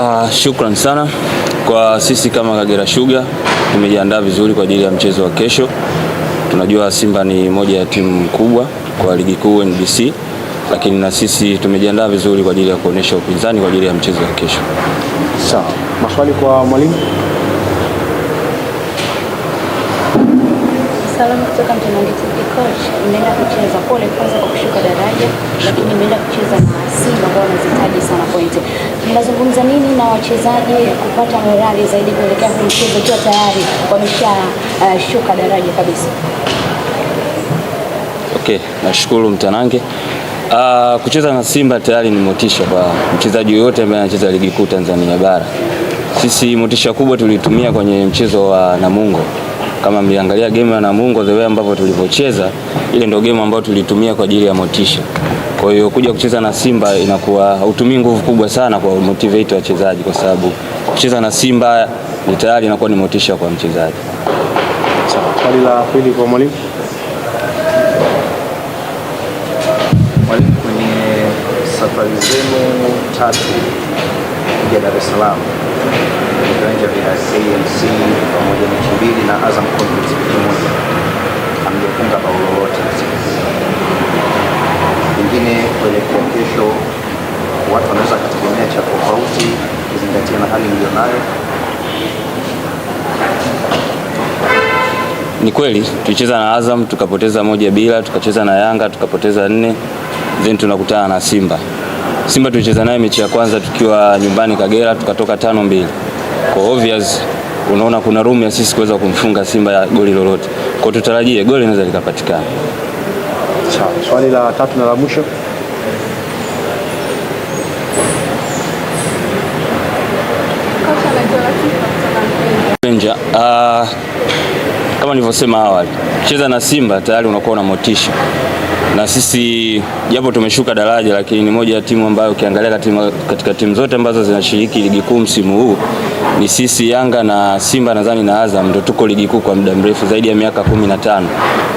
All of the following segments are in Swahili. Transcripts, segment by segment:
Uh, shukran sana kwa sisi kama Kagera Sugar tumejiandaa vizuri kwa ajili ya mchezo wa kesho. Tunajua Simba ni moja ya timu kubwa kwa ligi kuu NBC, lakini na sisi tumejiandaa vizuri kwa ajili ya kuonesha upinzani kwa ajili ya mchezo wa kesho. Sawa. Maswali kwa mwalimu? salamu kutoka Mtanange TV Coach, nimeenda kucheza pole kwanza kwa kushuka daraja, lakini nimeenda kucheza na Simba ambao wanazihitaji sana pointi. Ninazungumza nini na wachezaji kupata morali zaidi kuelekea kwenye mchezo kwa tayari wameshashuka uh, daraja kabisa? Okay, nashukuru Mtanange. Uh, kucheza na Simba tayari ni motisha kwa mchezaji yoyote ambaye anacheza ligi kuu Tanzania bara. Sisi motisha kubwa tulitumia kwenye mchezo wa Namungo. Kama mliangalia game ya Namungo the way ambavyo tulivyocheza, ile ndio game ambayo tulitumia kwa ajili ya motisha. Kwa hiyo kuja kucheza na Simba inakuwa hautumii nguvu kubwa sana kwa motivate wachezaji, kwa sababu kucheza na Simba ni tayari inakuwa ni motisha kwa mchezaji. Swali la pili kwa mwalimu safari zenu tatu ya Dar es Salaam kuzingatia na hali nilionayo. Ni kweli tulicheza na Azam tukapoteza moja bila, tukacheza na Yanga tukapoteza nne, then tunakutana na Simba. Simba tulicheza naye mechi ya kwanza tukiwa nyumbani Kagera, tukatoka tano mbili. Kwa obvious unaona kuna room ya sisi kuweza kumfunga Simba ya goli lolote, kwa tutarajie goli linaweza likapatikana. Swali la tatu na la mwisho Benja, uh, kama nilivyosema awali, cheza na Simba tayari unakuwa una motisha, na sisi japo tumeshuka daraja, lakini ni moja ya timu ambayo ukiangalia katika, katika timu zote ambazo zinashiriki ligi kuu msimu huu ni sisi Yanga na Simba nadhani na Azam ndio tuko ligi kuu kwa muda mrefu zaidi ya miaka kumi na tano.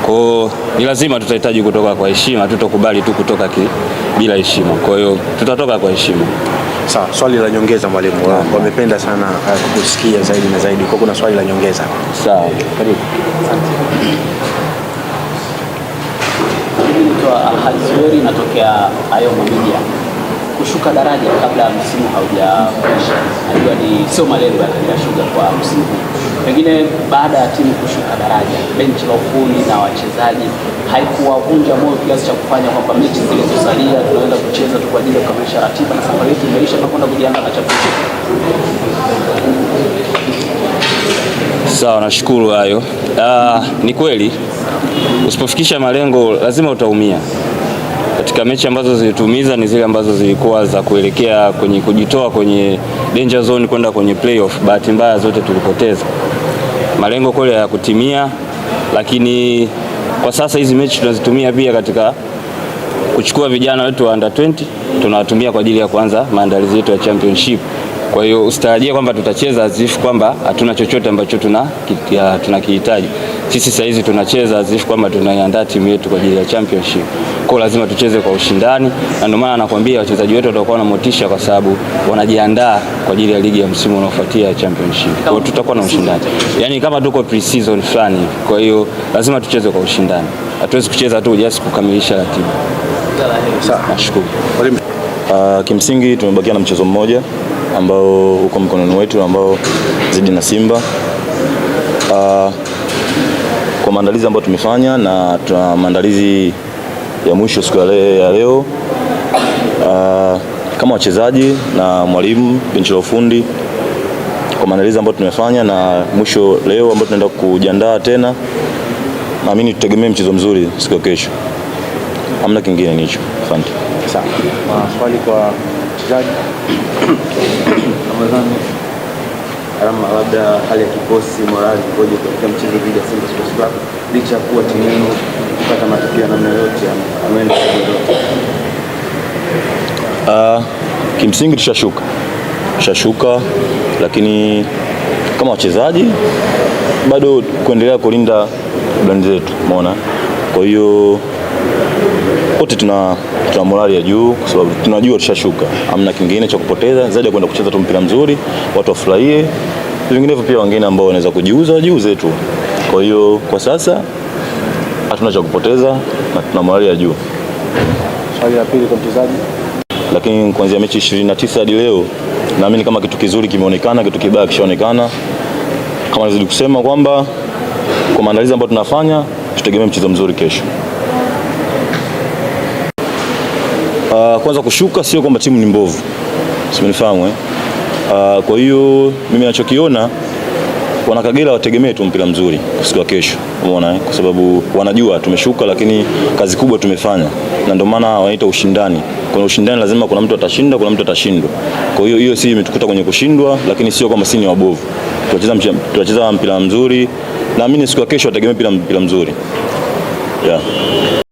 Kwa hiyo ni lazima tutahitaji kutoka kwa heshima, tutokubali tu kutoka ki, bila heshima. Kwa hiyo tutatoka kwa heshima. Sawa, swali la nyongeza mwalimu. Wamependa sana uh, kusikia zaidi na zaidi. Kwa kuna swali la nyongeza. Sawa. Karibu. Ahadi natokea Ayoma Media. Kushuka daraja kabla msimu haujaisha. Najua ni sio malengo ya Kagera Sugar kwa msimu huu. Pengine baada ya timu kushuka daraja, benchi la ufundi na wachezaji haikuwavunja moyo kiasi cha kufanya kwamba mechi zilizosalia tunaweza kucheza tu kwa ajili ya kukamilisha ratiba na safari yetu imeisha, tunakwenda kujiandaa na chakula. Sawa, nashukuru hayo. Uh, ni kweli usipofikisha malengo lazima utaumia katika mechi ambazo zilitumiza ni zile ambazo zilikuwa za kuelekea kwenye kujitoa kwenye danger zone kwenda kwenye playoff. Bahati mbaya zote tulipoteza, malengo kule ya kutimia, lakini kwa sasa hizi mechi tunazitumia pia katika kuchukua vijana wetu wa under 20 tunawatumia kwa ajili ya kuanza maandalizi yetu ya championship. Kwa hiyo usitarajie kwamba tutacheza azifu kwamba hatuna chochote ambacho tunakihitaji tuna sisi sasa hizi tunacheza azifu kwamba tunaiandaa timu yetu kwa ajili ya championship. Kwa lazima tucheze kwa ushindani, na ndio maana nakwambia wachezaji wetu watakuwa na motisha, kwa sababu wanajiandaa kwa ajili ya ligi ya msimu unaofuatia ya championship. Kwa tutakuwa na ushindani, yaani kama tuko pre-season fulani. Kwa hiyo lazima tucheze kwa ushindani, hatuwezi kucheza tu just kukamilisha ratiba. Nashukuru. Uh, kimsingi tumebakia na mchezo mmoja ambao uko mkononi wetu ambao zidi na Simba uh, kwa maandalizi ambayo tumefanya na tuna maandalizi ya mwisho siku ya leo, ya leo. Uh, kama wachezaji na mwalimu benchi la ufundi kwa maandalizi ambayo tumefanya na mwisho leo ambayo tunaenda kujiandaa tena, naamini tutegemee mchezo mzuri siku ya kesho. Hamna kingine nicho. Asante. Sawa. Maswali ah, kwa wachezaji. Karama, labda hali ya kikosi morali ikoje katika mchezo dhidi ya Simba Sports Club licha ya kuwa timu yenu kupata matokeo namna yote ameenda Uh, kimsingi tushashuka tushashuka, lakini kama wachezaji bado kuendelea kulinda blandi zetu, umeona. Kwa hiyo wote tuna tuna morali ya juu kwa sababu tunajua tushashuka, hamna kingine cha kupoteza zaidi ya kwenda kucheza tu mpira mzuri, watu wafurahie. Vinginevyo pia wengine ambao wanaweza kujiuza wajiuze tu. Kwa hiyo kwa sasa hatuna cha kupoteza na tuna morali ya juu. Swali la pili kwa mchezaji, lakini kuanzia mechi 29 hadi leo naamini kama kitu kizuri kimeonekana, kitu kibaya kishaonekana. Kama nizidi kusema kwamba kwa maandalizi ambayo tunafanya tutegemee mchezo mzuri kesho. Uh, kwanza kushuka sio kwamba timu ni mbovu, simenifahamu eh? Uh, kwa hiyo mimi nachokiona wana Kagera wategemee tu mpira mzuri siku ya kesho, umeona eh? Kwa sababu wanajua tumeshuka, lakini kazi kubwa tumefanya, na ndio maana wanaita ushindani. Kuna ushindani, lazima kuna mtu atashinda, kuna mtu atashindwa. Kwa hiyo hiyo si imetukuta kwenye kushindwa, lakini sio kama si ni wabovu. Tunacheza tunacheza mpira mzuri, naamini siku ya kesho wategemee mpira mzuri yeah.